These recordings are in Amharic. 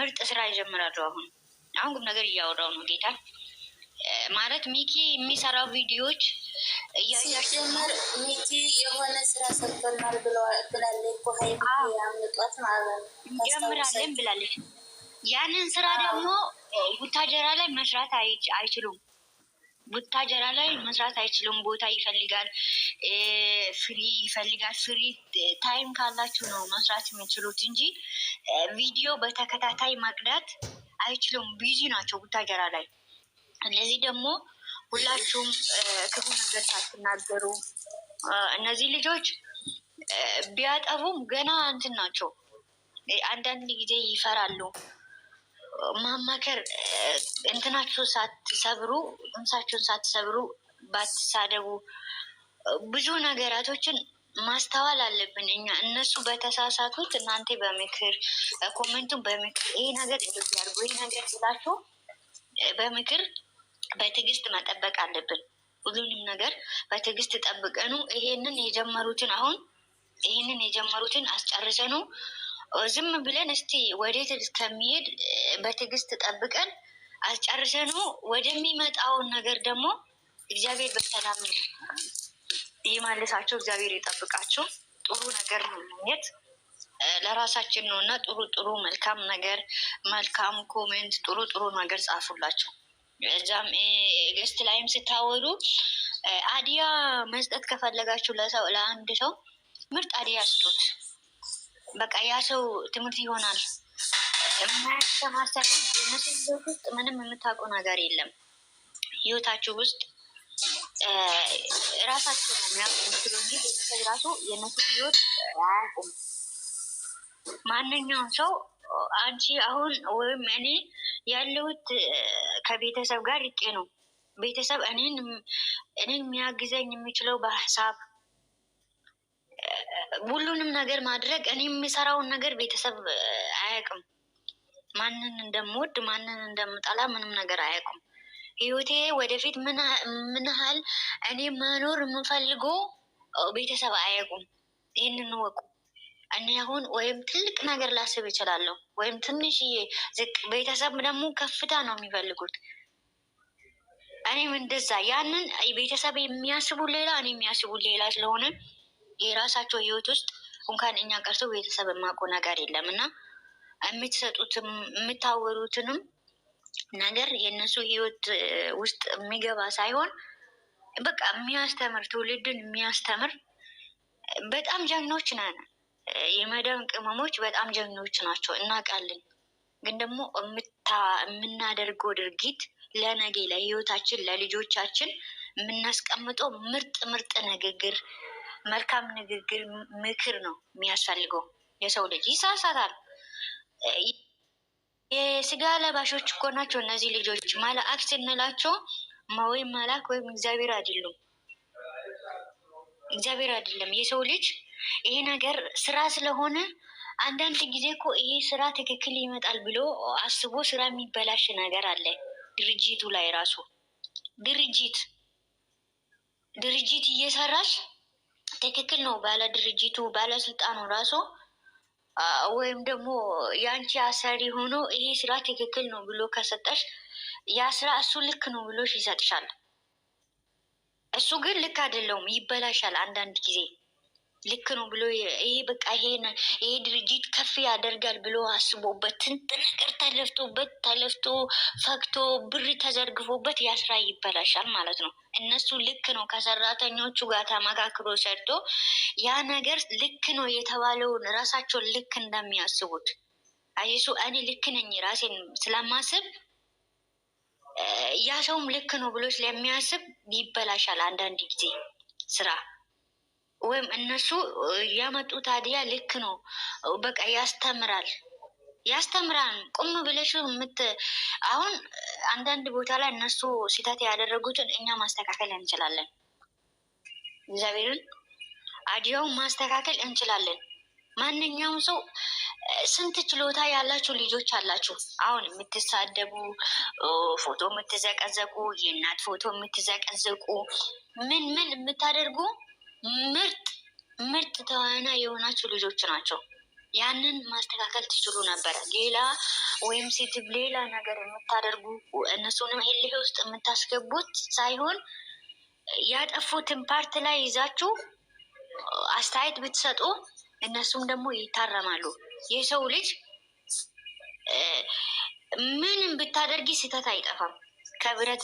ምርጥ ስራ ይጀምራሉ። አሁን አሁን ቁም ነገር እያወራው ነው ጌታ ማለት ሚኪ የሚሰራው ቪዲዮዎች እያያሽጀምር ሚኪ የሆነ ስራ ሰርቶናል ብላለች። ያምጧት ጀምራለን ብላለች። ያንን ስራ ደግሞ ቡታጀራ ላይ መስራት አይችሉም። ቡታጀራ ላይ መስራት አይችልም። ቦታ ይፈልጋል፣ ፍሪ ይፈልጋል። ፍሪ ታይም ካላችሁ ነው መስራት የሚችሉት እንጂ ቪዲዮ በተከታታይ መቅዳት አይችሉም። ቢዚ ናቸው ቡታጀራ ላይ። እነዚህ ደግሞ ሁላችሁም ክፉ ነገር ሳትናገሩ እነዚህ ልጆች ቢያጠፉም ገና እንትን ናቸው። አንዳንድ ጊዜ ይፈራሉ። ማማከር እንትናችሁ ሳትሰብሩ ጥምሳችሁን ሳትሰብሩ ባትሳደቡ ብዙ ነገራቶችን ማስተዋል አለብን እኛ። እነሱ በተሳሳቱት እናንተ በምክር ኮሜንቱን በምክር ይሄ ነገር እንደዚህ ያድርጉ ይሄ ነገር ስላችሁ በምክር በትዕግስት መጠበቅ አለብን። ሁሉንም ነገር በትዕግስት ጠብቀኑ ይሄንን የጀመሩትን አሁን ይሄንን የጀመሩትን አስጨርሰኑ ዝም ብለን እስቲ ወዴት እስከሚሄድ በትዕግስት ጠብቀን አስጨርሰን ወደሚመጣውን ነገር ደግሞ እግዚአብሔር በሰላም ይመልሳቸው፣ እግዚአብሔር ይጠብቃቸው። ጥሩ ነገር ነው ማግኘት ለራሳችን ነው እና ጥሩ ጥሩ መልካም ነገር መልካም ኮሜንት፣ ጥሩ ጥሩ ነገር ጻፉላቸው። እዛም ገስት ላይም ስታወሉ አዲያ መስጠት ከፈለጋችሁ ለሰው ለአንድ ሰው ምርጥ አዲያ ስጡት። በቃ ያ ሰው ትምህርት ይሆናል። የማያስተማር ሳይሆን ህይወት ውስጥ ምንም የምታውቁ ነገር የለም። ህይወታችሁ ውስጥ ራሳቸው የሚያውቁ ምስሎ እንጂ ቤተሰብ ራሱ የነሱ ህይወት አያውቁም። ማንኛውም ሰው አንቺ አሁን ወይም እኔ ያለሁት ከቤተሰብ ጋር ርቄ ነው። ቤተሰብ እኔን እኔን የሚያግዘኝ የሚችለው በሀሳብ ሁሉንም ነገር ማድረግ እኔ የሚሰራውን ነገር ቤተሰብ አያውቅም። ማንን እንደምወድ ማንን እንደምጠላ ምንም ነገር አያውቁም። ህይወቴ ወደፊት ምን ያህል እኔ መኖር የምፈልገው ቤተሰብ አያውቁም። ይህንን ወቁ። እኔ አሁን ወይም ትልቅ ነገር ላስብ እችላለሁ፣ ወይም ትንሽዬ ዝቅ። ቤተሰብ ደግሞ ከፍታ ነው የሚፈልጉት። እኔም እንደዛ ያንን ቤተሰብ የሚያስቡ ሌላ እኔ የሚያስቡ ሌላ ስለሆነ የራሳቸው ህይወት ውስጥ እንኳን እኛ ቀርቶ ቤተሰብ የማውቀው ነገር የለም እና የምትሰጡትም የምታወሩትንም ነገር የእነሱ ህይወት ውስጥ የሚገባ ሳይሆን በቃ የሚያስተምር ትውልድን የሚያስተምር በጣም ጀግኖች ነን። የመዳን ቅመሞች በጣም ጀግኖች ናቸው እናውቃለን። ግን ደግሞ የምናደርገው ድርጊት ለነገ ለህይወታችን፣ ለልጆቻችን የምናስቀምጠው ምርጥ ምርጥ ንግግር መልካም ንግግር፣ ምክር ነው የሚያስፈልገው። የሰው ልጅ ይሳሳታል። የስጋ ለባሾች እኮ ናቸው እነዚህ ልጆች። መላአክ ስንላቸው ወይም መላክ ወይም እግዚአብሔር አይደሉም። እግዚአብሔር አይደለም። የሰው ልጅ ይሄ ነገር ስራ ስለሆነ አንዳንድ ጊዜ እኮ ይሄ ስራ ትክክል ይመጣል ብሎ አስቦ ስራ የሚበላሽ ነገር አለ። ድርጅቱ ላይ ራሱ ድርጅት ድርጅት እየሰራች ትክክል ነው። ባለ ድርጅቱ ባለስልጣኑ ራሱ ወይም ደግሞ የአንቺ አሰሪ ሆኖ ይሄ ስራ ትክክል ነው ብሎ ከሰጠሽ ያ ስራ እሱ ልክ ነው ብሎሽ ይሰጥሻል። እሱ ግን ልክ አይደለውም፣ ይበላሻል አንዳንድ ጊዜ ልክ ነው ብሎ ይሄ በቃ ይሄ ድርጅት ከፍ ያደርጋል ብሎ አስቦበት ስንት ነገር ተለፍቶበት ተለፍቶ ፈግቶ ብር ተዘርግፎበት ያስራ ይበላሻል ማለት ነው። እነሱ ልክ ነው ከሰራተኞቹ ጋር ተመካክሮ ሰርቶ ያ ነገር ልክ ነው የተባለውን ራሳቸውን ልክ እንደሚያስቡት አይሱ እኔ ልክ ነኝ ራሴን ስለማስብ ያ ሰውም ልክ ነው ብሎ ስለሚያስብ ይበላሻል አንዳንድ ጊዜ ስራ ወይም እነሱ ያመጡት አድያ ልክ ነው። በቃ ያስተምራል ያስተምራል። ቁም ብለሽ ምት አሁን አንዳንድ ቦታ ላይ እነሱ ስህተት ያደረጉትን እኛ ማስተካከል እንችላለን። እግዚአብሔርን አዲያውን ማስተካከል እንችላለን። ማንኛውም ሰው ስንት ችሎታ ያላችሁ ልጆች አላችሁ። አሁን የምትሳደቡ ፎቶ የምትዘቀዘቁ የእናት ፎቶ የምትዘቀዘቁ ምን ምን የምታደርጉ ምርጥ ምርጥ ተዋና የሆናችሁ ልጆች ናቸው። ያንን ማስተካከል ትችሉ ነበረ። ሌላ ወይም ሴትም ሌላ ነገር የምታደርጉ እነሱንም እልህ ውስጥ የምታስገቡት ሳይሆን ያጠፉትን ፓርት ላይ ይዛችሁ አስተያየት ብትሰጡ እነሱም ደግሞ ይታረማሉ። የሰው ልጅ ምንም ብታደርጊ ስህተት አይጠፋም፣ ከብረት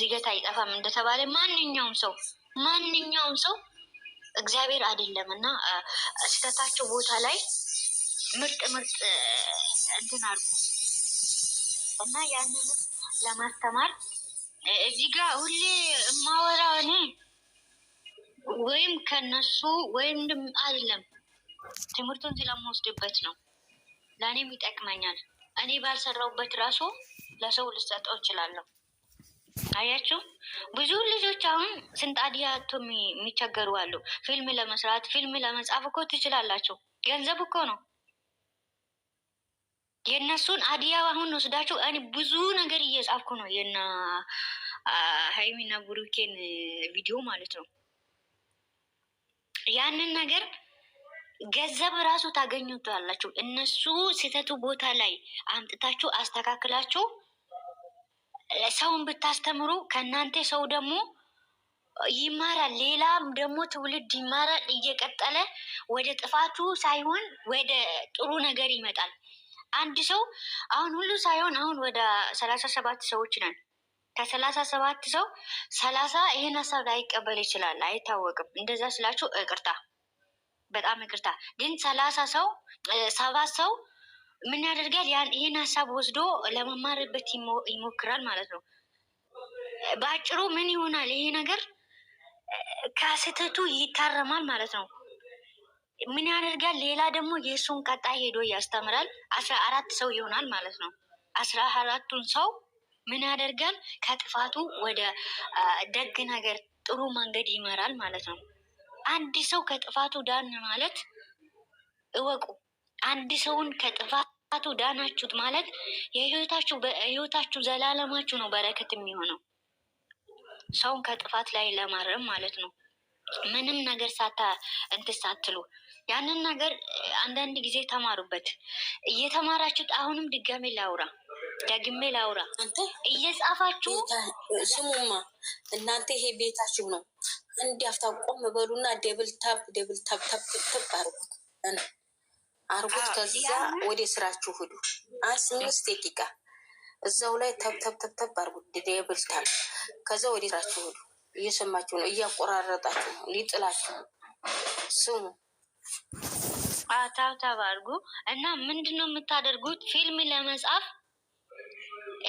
ዝገት አይጠፋም እንደተባለ ማንኛውም ሰው ማንኛውም ሰው እግዚአብሔር አይደለም እና ስህተታቸው ቦታ ላይ ምርጥ ምርጥ እንትን አድርጉ እና ያንን ለማስተማር እዚህ ጋር ሁሌ የማወራ እኔ ወይም ከነሱ ወይም አይደለም ትምህርቱን ስለምወስድበት ነው። ለእኔም ይጠቅመኛል። እኔ ባልሰራውበት ራሱ ለሰው ልሰጠው እችላለሁ። አያችሁ ብዙ ልጆች አሁን ስንጣዲያ ቶ የሚቸገሩ አሉ። ፊልም ለመስራት ፊልም ለመጻፍ እኮ ትችላላችሁ። ገንዘብ እኮ ነው። የእነሱን አዲያ አሁን ወስዳችሁ እኔ ብዙ ነገር እየጻፍኩ ነው። የና ሀይሚና ቡሩኬን ቪዲዮ ማለት ነው። ያንን ነገር ገንዘብ ራሱ ታገኙታላችሁ። እነሱ ስህተቱ ቦታ ላይ አምጥታችሁ አስተካክላችሁ ሰውን ብታስተምሩ ከእናንተ ሰው ደግሞ ይማራል፣ ሌላም ደግሞ ትውልድ ይማራል። እየቀጠለ ወደ ጥፋቱ ሳይሆን ወደ ጥሩ ነገር ይመጣል። አንድ ሰው አሁን ሁሉ ሳይሆን አሁን ወደ ሰላሳ ሰባት ሰዎች ነን። ከሰላሳ ሰባት ሰው ሰላሳ ይሄን ሀሳብ ላይቀበል ይችላል፣ አይታወቅም። እንደዛ ስላችሁ እቅርታ፣ በጣም እቅርታ። ግን ሰላሳ ሰው ሰባት ሰው ምን ያደርጋል? ይህን ሀሳብ ወስዶ ለመማርበት ይሞክራል ማለት ነው። በአጭሩ ምን ይሆናል? ይሄ ነገር ከስህተቱ ይታረማል ማለት ነው። ምን ያደርጋል? ሌላ ደግሞ የእሱን ቀጣይ ሄዶ ያስተምራል። አስራ አራት ሰው ይሆናል ማለት ነው። አስራ አራቱን ሰው ምን ያደርጋል? ከጥፋቱ ወደ ደግ ነገር ጥሩ መንገድ ይመራል ማለት ነው። አንድ ሰው ከጥፋቱ ዳን ማለት እወቁ። አንድ ሰውን ከጥፋቱ ዳናችሁት ማለት የህይወታችሁ በህይወታችሁ ዘላለማችሁ ነው በረከት የሚሆነው ሰውን ከጥፋት ላይ ለማረም ማለት ነው። ምንም ነገር ሳታ እንትን ሳትሉ ያንን ነገር አንዳንድ ጊዜ ተማሩበት። እየተማራችሁት አሁንም ድጋሜ ላውራ ደግሜ ላውራ እየጻፋችሁ ስሙማ፣ እናንተ ይሄ ቤታችሁ ነው። እንዲያፍታ ቆም በሉና ደብል ታፕ ደብል ታፕ ታፕ አርጉት። አርጎት ከዛ ወደ ስራችሁ ሂዱ። አምስት ደቂቃ እዛው ላይ ተብተብተብተብ አርጉት ደብልታል። ከዛ ወደ ስራችሁ ሂዱ። እየሰማችሁ ነው፣ እያቆራረጣችሁ ነው፣ ሊጥላችሁ ስሙ ታብታብ አርጉ እና ምንድን ነው የምታደርጉት? ፊልም ለመጻፍ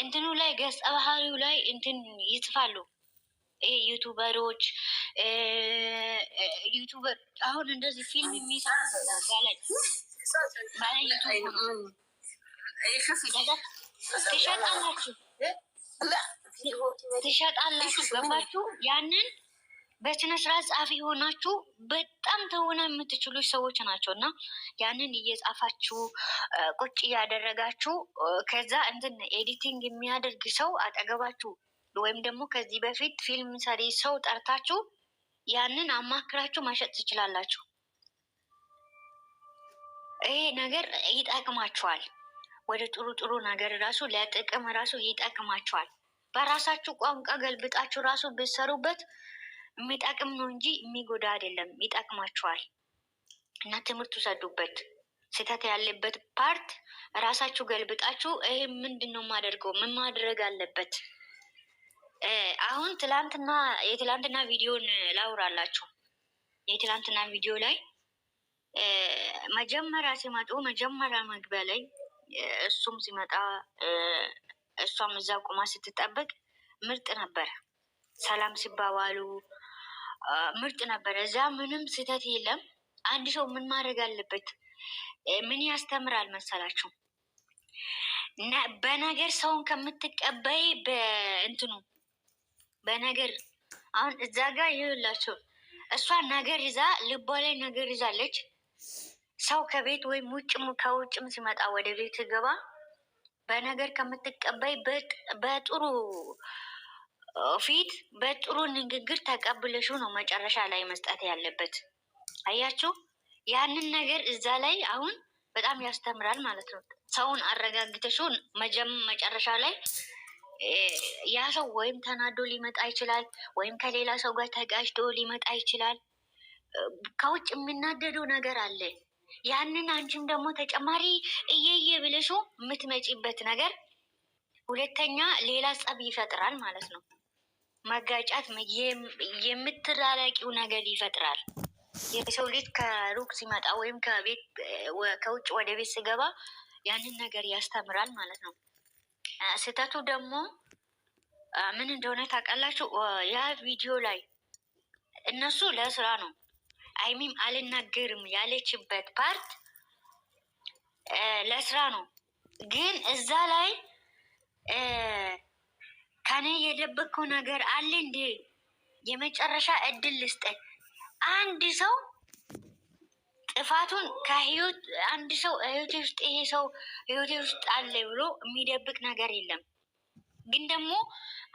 እንትኑ ላይ ገጸ ባህሪው ላይ እንትን ይጽፋሉ። ዩቱበሮች ዩቱበር አሁን እንደዚህ ፊልም የሚሰሩ ላይ ትሸጣላችሁ ገባችሁ? ያንን በስነ ስርዓት ጻፊ የሆናችሁ በጣም ተወና የምትችሉ ሰዎች ናቸው። እና ያንን እየጻፋችሁ ቁጭ እያደረጋችሁ ከዛ እንትን ኤዲቲንግ የሚያደርግ ሰው አጠገባችሁ ወይም ደግሞ ከዚህ በፊት ፊልም ሰሪ ሰው ጠርታችሁ ያንን አማክራችሁ ማሸጥ ትችላላችሁ። ይሄ ነገር ይጠቅማቸዋል ወደ ጥሩ ጥሩ ነገር ራሱ ለጥቅም ራሱ ይጠቅማቸዋል በራሳችሁ ቋንቋ ገልብጣችሁ ራሱ ብትሰሩበት የሚጠቅም ነው እንጂ የሚጎዳ አይደለም። ይጠቅማቸዋል እና ትምህርት ውሰዱበት። ስህተት ያለበት ፓርት ራሳችሁ ገልብጣችሁ ይሄ ምንድን ነው የማደርገው? ምን ማድረግ አለበት? አሁን ትላንትና የትላንትና ቪዲዮን ላውራላችሁ። የትላንትና ቪዲዮ ላይ መጀመሪያ ሲመጡ መጀመሪያ መግቢያ ላይ እሱም ሲመጣ እሷም እዛ ቁማ ስትጠብቅ ምርጥ ነበረ። ሰላም ሲባባሉ ምርጥ ነበረ። እዛ ምንም ስህተት የለም። አንድ ሰው ምን ማድረግ አለበት? ምን ያስተምራል መሰላችሁ? በነገር ሰውን ከምትቀበይ በእንትኑ በነገር አሁን እዛ ጋር ይላቸው እሷ ነገር ይዛ ልቧ ላይ ነገር ይዛለች። ሰው ከቤት ወይም ውጭም ከውጭም ሲመጣ ወደ ቤት ገባ በነገር ከምትቀበይ በጥሩ ፊት በጥሩ ንግግር ተቀብለሹ ነው መጨረሻ ላይ መስጠት ያለበት። አያችሁ፣ ያንን ነገር እዛ ላይ አሁን በጣም ያስተምራል ማለት ነው። ሰውን አረጋግተሹ መጀም መጨረሻ ላይ ያ ሰው ወይም ተናዶ ሊመጣ ይችላል፣ ወይም ከሌላ ሰው ጋር ተጋጭቶ ሊመጣ ይችላል። ከውጭ የሚናደደው ነገር አለ ያንን አንቺም ደግሞ ተጨማሪ እየየ ብለሽ የምትመጪበት ነገር ሁለተኛ ሌላ ጸብ ይፈጥራል ማለት ነው። መጋጫት የምትራራቂው ነገር ይፈጥራል። የሰው ልጅ ከሩቅ ሲመጣ ወይም ከቤት ከውጭ ወደ ቤት ስገባ ያንን ነገር ያስተምራል ማለት ነው። ስህተቱ ደግሞ ምን እንደሆነ ታውቃላችሁ? ያ ቪዲዮ ላይ እነሱ ለስራ ነው አይሚም አልናገርም ያለችበት ፓርት ለስራ ነው። ግን እዛ ላይ ከኔ የደበቅከው ነገር አለ እንዴ? የመጨረሻ እድል ልስጠ አንድ ሰው ጥፋቱን ከህይወት አንድ ሰው ህይወቴ ውስጥ ይሄ ሰው ህይወቴ ውስጥ አለ ብሎ የሚደብቅ ነገር የለም። ግን ደግሞ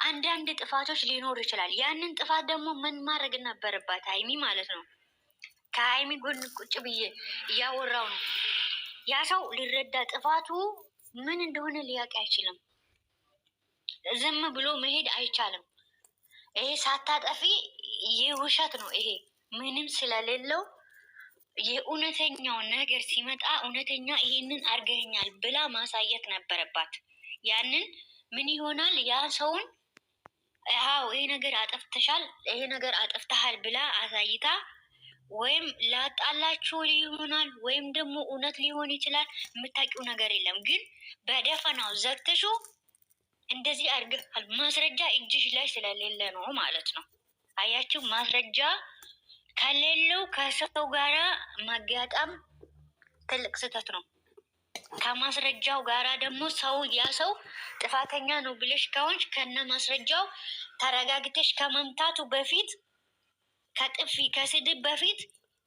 አንዳንድ ጥፋቶች ሊኖር ይችላል። ያንን ጥፋት ደግሞ ምን ማድረግ ነበረባት አይሚ ማለት ነው? ከሀይሚ ጎን ቁጭ ብዬ እያወራው ነው። ያ ሰው ሊረዳ ጥፋቱ ምን እንደሆነ ሊያውቅ አይችልም። ዝም ብሎ መሄድ አይቻልም። ይሄ ሳታጠፊ ይህ ውሸት ነው። ይሄ ምንም ስለሌለው የእውነተኛው ነገር ሲመጣ እውነተኛ ይሄንን አድርገኛል ብላ ማሳየት ነበረባት። ያንን ምን ይሆናል ያ ሰውን ይሄ ነገር አጠፍተሻል፣ ይሄ ነገር አጠፍተሃል ብላ አሳይታ ወይም ላጣላችሁ ሊሆናል ወይም ደግሞ እውነት ሊሆን ይችላል። የምታውቂው ነገር የለም ግን በደፈናው ዘግተሹ እንደዚህ አድርገሃል። ማስረጃ እጅሽ ላይ ስለሌለ ነው ማለት ነው። አያችሁ፣ ማስረጃ ከሌለው ከሰው ጋራ መጋጣም ትልቅ ስህተት ነው። ከማስረጃው ጋራ ደግሞ ሰው ያ ሰው ጥፋተኛ ነው ብለሽ ከሆንሽ ከነ ማስረጃው ተረጋግተሽ ከመምታቱ በፊት ከጥፊ ከስድብ በፊት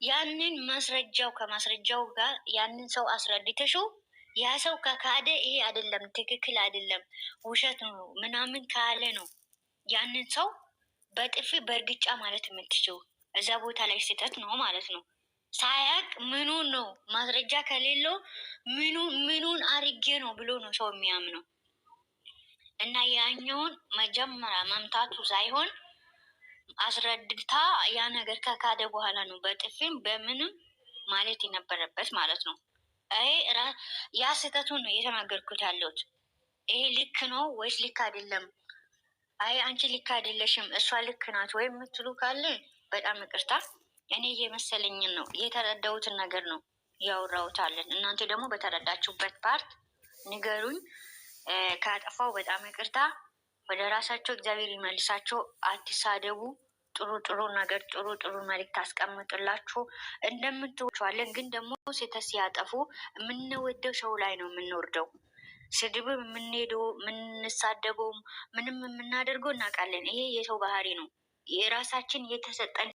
ያንን ማስረጃው ከማስረጃው ጋር ያንን ሰው አስረድተሽው ያ ሰው ከካደ ይሄ አይደለም ትክክል አይደለም ውሸት ነው ምናምን ካለ ነው ያንን ሰው በጥፊ በእርግጫ ማለት የምትችው እዛ ቦታ ላይ ስህተት ነው ማለት ነው። ሳያቅ ምኑን ነው ማስረጃ ከሌለው ምኑ ምኑን አርጌ ነው ብሎ ነው ሰው የሚያምነው እና ያኛውን መጀመሪያ መምታቱ ሳይሆን አስረድታ ያ ነገር ከካደ በኋላ ነው በጥፊም በምንም ማለት የነበረበት ማለት ነው። ይሄ ያ ስህተቱን ነው እየተናገርኩት ያለሁት። ይሄ ልክ ነው ወይስ ልክ አይደለም? አይ አንቺ ልክ አይደለሽም እሷ ልክ ናት ወይም የምትሉ ካለ በጣም ይቅርታ። እኔ እየመሰለኝን ነው የተረዳሁትን ነገር ነው ያወራውታለን። እናንተ ደግሞ በተረዳችሁበት ፓርት ንገሩኝ። ካጠፋው በጣም ይቅርታ። ወደ ራሳቸው እግዚአብሔር ይመልሳቸው። አትሳደቡ። ጥሩ ጥሩ ነገር ጥሩ ጥሩ መልእክት አስቀምጡላችሁ እንደምትችዋለን። ግን ደግሞ ሴተስ ሲያጠፉ የምንወደው ሰው ላይ ነው የምንወርደው። ስድብ የምንሄደው የምንሳደበው ምንም የምናደርገው እናውቃለን። ይሄ የሰው ባህሪ ነው። የራሳችን የተሰጠን